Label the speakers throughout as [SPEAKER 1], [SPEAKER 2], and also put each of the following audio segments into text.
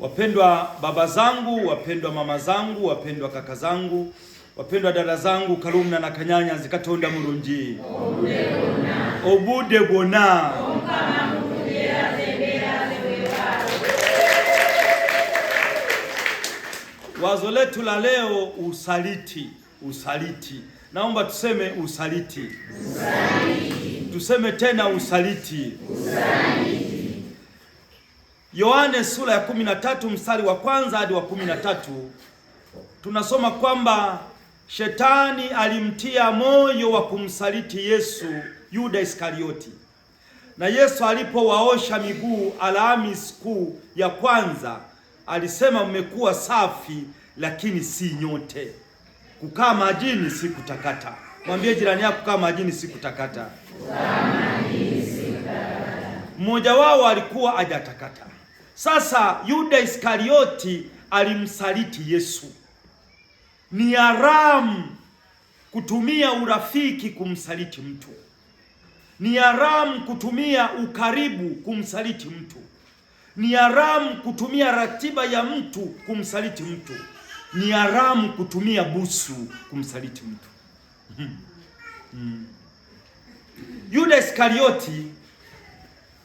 [SPEAKER 1] Wapendwa baba zangu, wapendwa mama zangu, wapendwa kaka zangu, wapendwa dada zangu, kalumna na kanyanya zikatonda mulungi obude bona Wazo letu la leo usaliti. Usaliti, naomba tuseme usaliti,
[SPEAKER 2] usaliti.
[SPEAKER 1] Tuseme tena usaliti,
[SPEAKER 2] usaliti.
[SPEAKER 1] Yohane sura ya 13 mstari wa kwanza hadi wa 13 tunasoma kwamba shetani alimtia moyo wa kumsaliti Yesu Yuda Iskarioti. Na Yesu alipowaosha miguu Alhamisi kuu ya kwanza alisema, mmekuwa safi lakini si nyote. Kukaa majini si kutakata. Mwambie jirani yako, kukaa majini si kutakata. Mmoja wao alikuwa hajatakata. Sasa Yuda Iskarioti alimsaliti Yesu. Ni haramu kutumia urafiki kumsaliti mtu. Ni haramu kutumia ukaribu kumsaliti mtu. Ni haramu kutumia ratiba ya mtu kumsaliti mtu. Ni haramu kutumia busu kumsaliti mtu. Hmm. Hmm. Yuda Iskarioti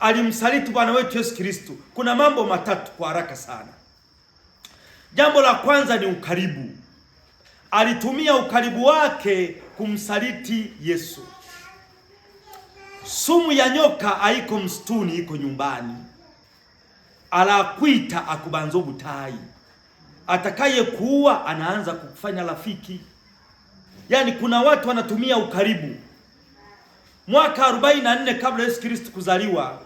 [SPEAKER 1] alimsaliti Bwana wetu Yesu Kristo, kuna mambo matatu kwa haraka sana. Jambo la kwanza ni ukaribu. Alitumia ukaribu wake kumsaliti Yesu. Sumu ya nyoka haiko msituni, iko nyumbani. Alakwita akubanzo butai, atakaye kuua anaanza kufanya rafiki. Yaani kuna watu wanatumia ukaribu. Mwaka 44 kabla Yesu Kristo kuzaliwa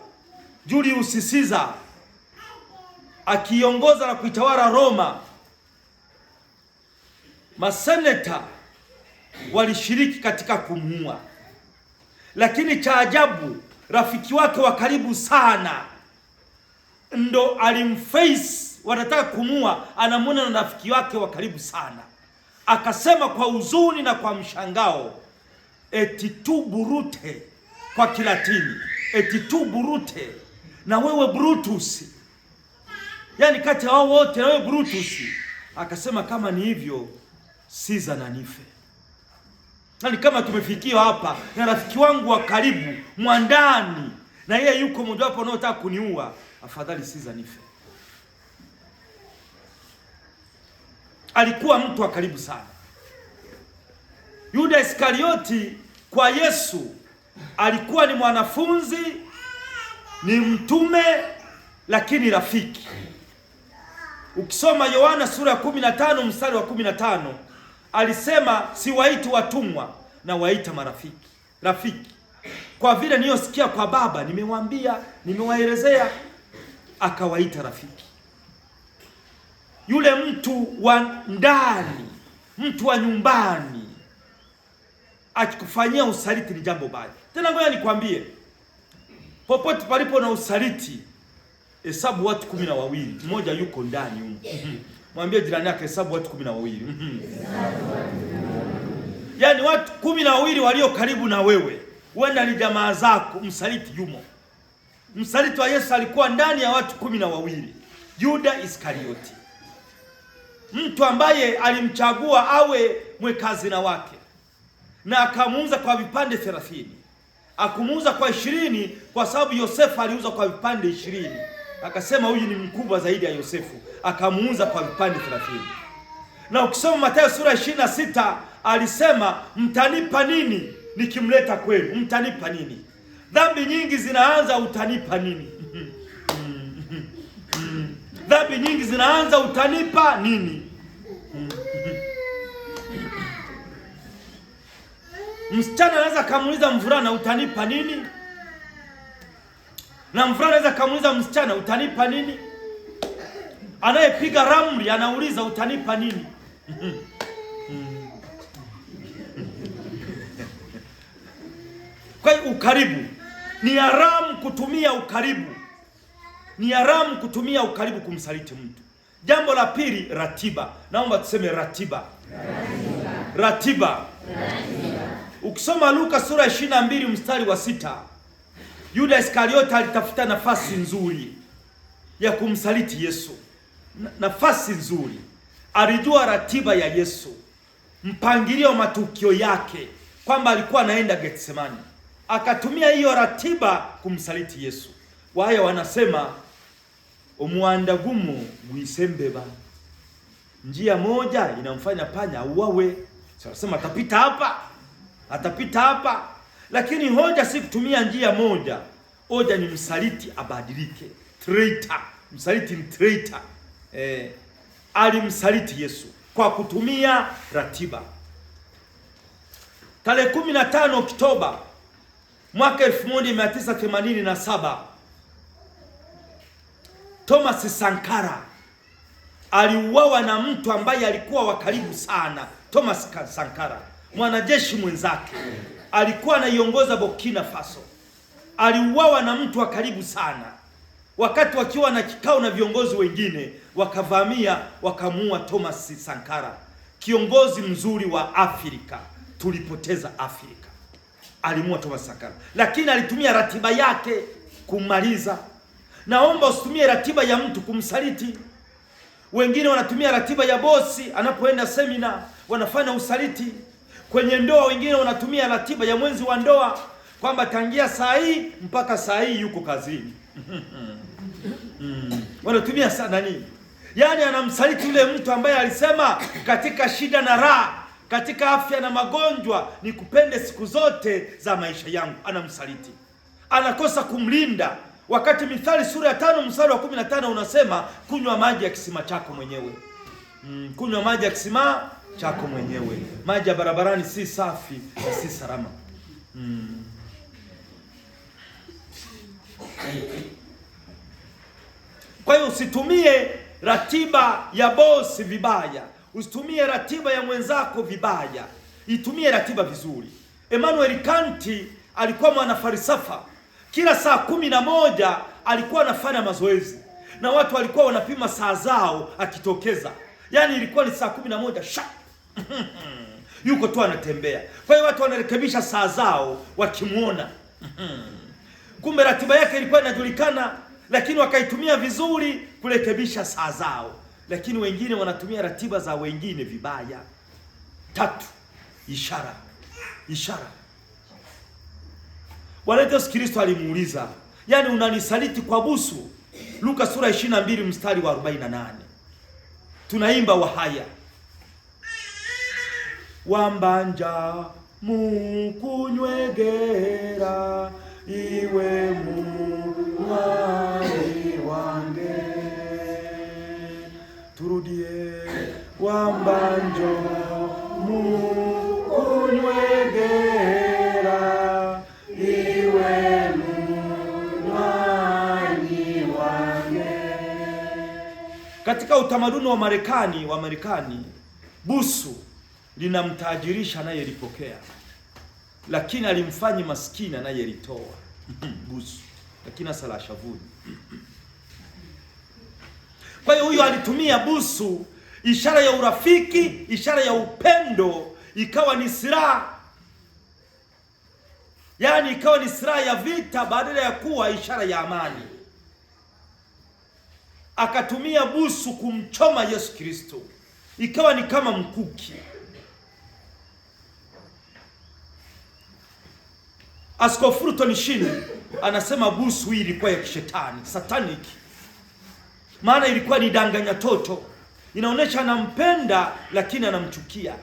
[SPEAKER 1] Julius Caesar akiongoza na kuitawala Roma, maseneta walishiriki katika kumuua, lakini cha ajabu, rafiki wake wa karibu sana ndo alimface, wanataka kumua, anamwona na rafiki wake wa karibu sana, akasema kwa huzuni na kwa mshangao, eti tu burute, kwa Kilatini, eti tu burute na wewe Brutus, yaani kati ya wao wote na wewe Brutus. Akasema kama ni hivyo, Caesar na nife. Yaani kama tumefikia hapa na rafiki wangu wa karibu mwandani, na yeye yuko mojawapo anayotaka kuniua, afadhali Caesar nife. Alikuwa mtu wa karibu sana. Yuda Iskarioti kwa Yesu alikuwa ni mwanafunzi ni mtume lakini rafiki. Ukisoma Yohana sura ya 15 mstari wa 15 alisema, siwaiti watumwa na waita marafiki rafiki, kwa vile niliyosikia kwa Baba nimewambia, nimewaelezea, akawaita rafiki. Yule mtu wa ndani, mtu wa nyumbani akikufanyia usaliti ni jambo baya. Tena ngoja nikwambie Popote palipo na usaliti, hesabu watu kumi na wawili, mmoja yuko ndani humo. Mhm. Mwambie jirani yake, hesabu watu kumi na wawili. Mhm. Yaani watu kumi na wawili walio karibu na wewe, wenda ni jamaa zako, msaliti yumo. Msaliti wa Yesu alikuwa ndani ya watu kumi na wawili, Yuda Iskarioti, mtu ambaye alimchagua awe mwekazina wake na akamuuza kwa vipande thelathini akumuuza kwa ishirini kwa sababu Yosefu aliuza kwa vipande ishirini akasema huyu ni mkubwa zaidi ya Yosefu, akamuuza kwa vipande thelathini. Na ukisoma Mathayo sura ishirini na sita alisema mtanipa nini nikimleta kwenu? Mtanipa nini? Dhambi nyingi zinaanza utanipa nini? Dhambi nyingi zinaanza utanipa nini? Msichana anaweza kumuuliza mvulana utanipa nini, na mvulana anaweza kumuuliza msichana utanipa nini. Anayepiga ramli anauliza utanipa nini? Kwa hiyo ukaribu ni haramu, kutumia ukaribu ni haramu, kutumia ukaribu kumsaliti mtu. Jambo la pili, ratiba. Naomba tuseme ratiba,
[SPEAKER 2] ratiba,
[SPEAKER 1] ratiba. ratiba. Ukisoma Luka sura ya 22 mstari wa sita, Yuda Iskariota alitafuta nafasi nzuri ya kumsaliti Yesu. Nafasi nzuri, alijua ratiba ya Yesu, mpangilio wa matukio yake, kwamba alikuwa anaenda Getsemani, akatumia hiyo ratiba kumsaliti Yesu. Waya wanasema omwanda gumu gwisembeba, njia moja inamfanya panya auawe. Sasa wanasema atapita hapa atapita hapa, lakini hoja si kutumia njia moja. Hoja ni msaliti abadilike, traitor. Msaliti ni traitor. Eh, alimsaliti Yesu kwa kutumia ratiba. Tarehe 15 Oktoba mwaka 1987 Thomas Sankara aliuawa na mtu ambaye alikuwa wa karibu sana Thomas Sankara mwanajeshi mwenzake alikuwa anaiongoza Burkina Faso aliuawa na mtu wa karibu sana, wakati wakiwa na kikao na viongozi wengine, wakavamia wakamuua Thomas Sankara, kiongozi mzuri wa Afrika. Tulipoteza Afrika, alimua Thomas Sankara, lakini alitumia ratiba yake kummaliza. Naomba usitumie ratiba ya mtu kumsaliti. Wengine wanatumia ratiba ya bosi, anapoenda semina wanafanya usaliti. Kwenye ndoa wengine wanatumia ratiba ya mwenzi wa ndoa kwamba tangia saa hii mpaka saa hii yuko kazini. Mm. Wanatumia sana nini? Yaani anamsaliti yule mtu ambaye alisema katika shida na raha, katika afya na magonjwa nikupende siku zote za maisha yangu. Anamsaliti, anakosa kumlinda, wakati Mithali sura ya tano mstari wa kumi na tano unasema kunywa maji ya kisima chako mwenyewe. Mm, kunywa maji ya kisima chako mwenyewe. Maji ya barabarani si safi na si salama. Mm. Kwa hiyo usitumie ratiba ya bosi vibaya, usitumie ratiba ya mwenzako vibaya, itumie ratiba vizuri. Emmanuel Kanti alikuwa mwana falsafa. Kila saa kumi na moja alikuwa anafanya mazoezi na watu walikuwa wanapima saa zao akitokeza, yaani ilikuwa ni saa kumi na moja shaka. yuko tu anatembea. Kwa hiyo watu wanarekebisha saa zao wakimwona. Kumbe ratiba yake ilikuwa inajulikana, lakini wakaitumia vizuri kurekebisha saa zao, lakini wengine wanatumia ratiba za wengine vibaya. Tatu, ishara. Ishara. Bwana Yesu Kristo alimuuliza, yaani unanisaliti kwa busu. Luka sura 22 mstari wa 48. Tunaimba wahaya wambanja mukunywegera iwe muwali wange turudie wambanjo mukunywegera iwe muwali wange katika utamaduni wa Marekani wa Marekani busu linamtajirisha anayelipokea, lakini alimfanyi maskini anayelitoa. Busu lakini hasa la shavuni. Kwa hiyo huyo alitumia busu, ishara ya urafiki, ishara ya upendo, ikawa ni silaha, yaani ikawa ni silaha ya vita badala ya kuwa ishara ya amani. Akatumia busu kumchoma Yesu Kristo, ikawa ni kama mkuki. Askofu Fulton Sheen anasema busu hii ilikuwa ya kishetani, satanic, maana ilikuwa ni danganya toto, inaonyesha anampenda lakini anamchukia.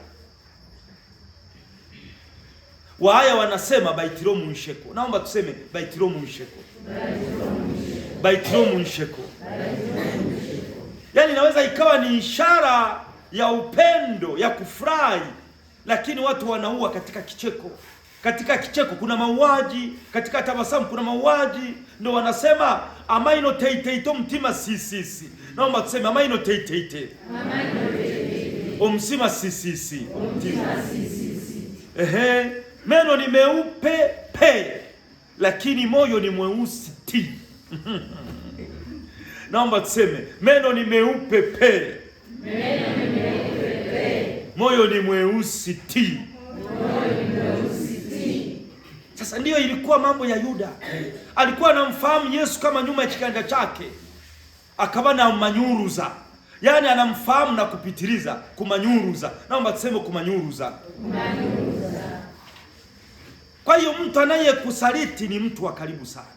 [SPEAKER 1] Wahaya wanasema baitiromu nsheko. Naomba tuseme baitiromu nsheko, baitiromu nsheko. Yaani inaweza ikawa ni ishara ya upendo ya kufurahi, lakini watu wanaua katika kicheko katika kicheko kuna mauaji, katika tabasamu kuna mauaji. Ndio wanasema amaino teiteito mtima sisisi. Naomba tuseme amaino teiteite omsima sisisi. Ehe, meno ni meupe pe, lakini moyo ni mweusi ti. Naomba tuseme meno ni meupe pe,
[SPEAKER 2] meno ni meupe pe,
[SPEAKER 1] moyo ni mweusi ti. Meno ni meupe, pe. Sasa ndiyo ilikuwa mambo ya Yuda. Alikuwa anamfahamu Yesu kama nyuma ya kiganja chake, akawa na manyuruza, yaani anamfahamu na kupitiliza, kumanyuruza. Naomba tuseme kumanyuruza. Kwa hiyo mtu anayekusaliti ni mtu wa karibu sana.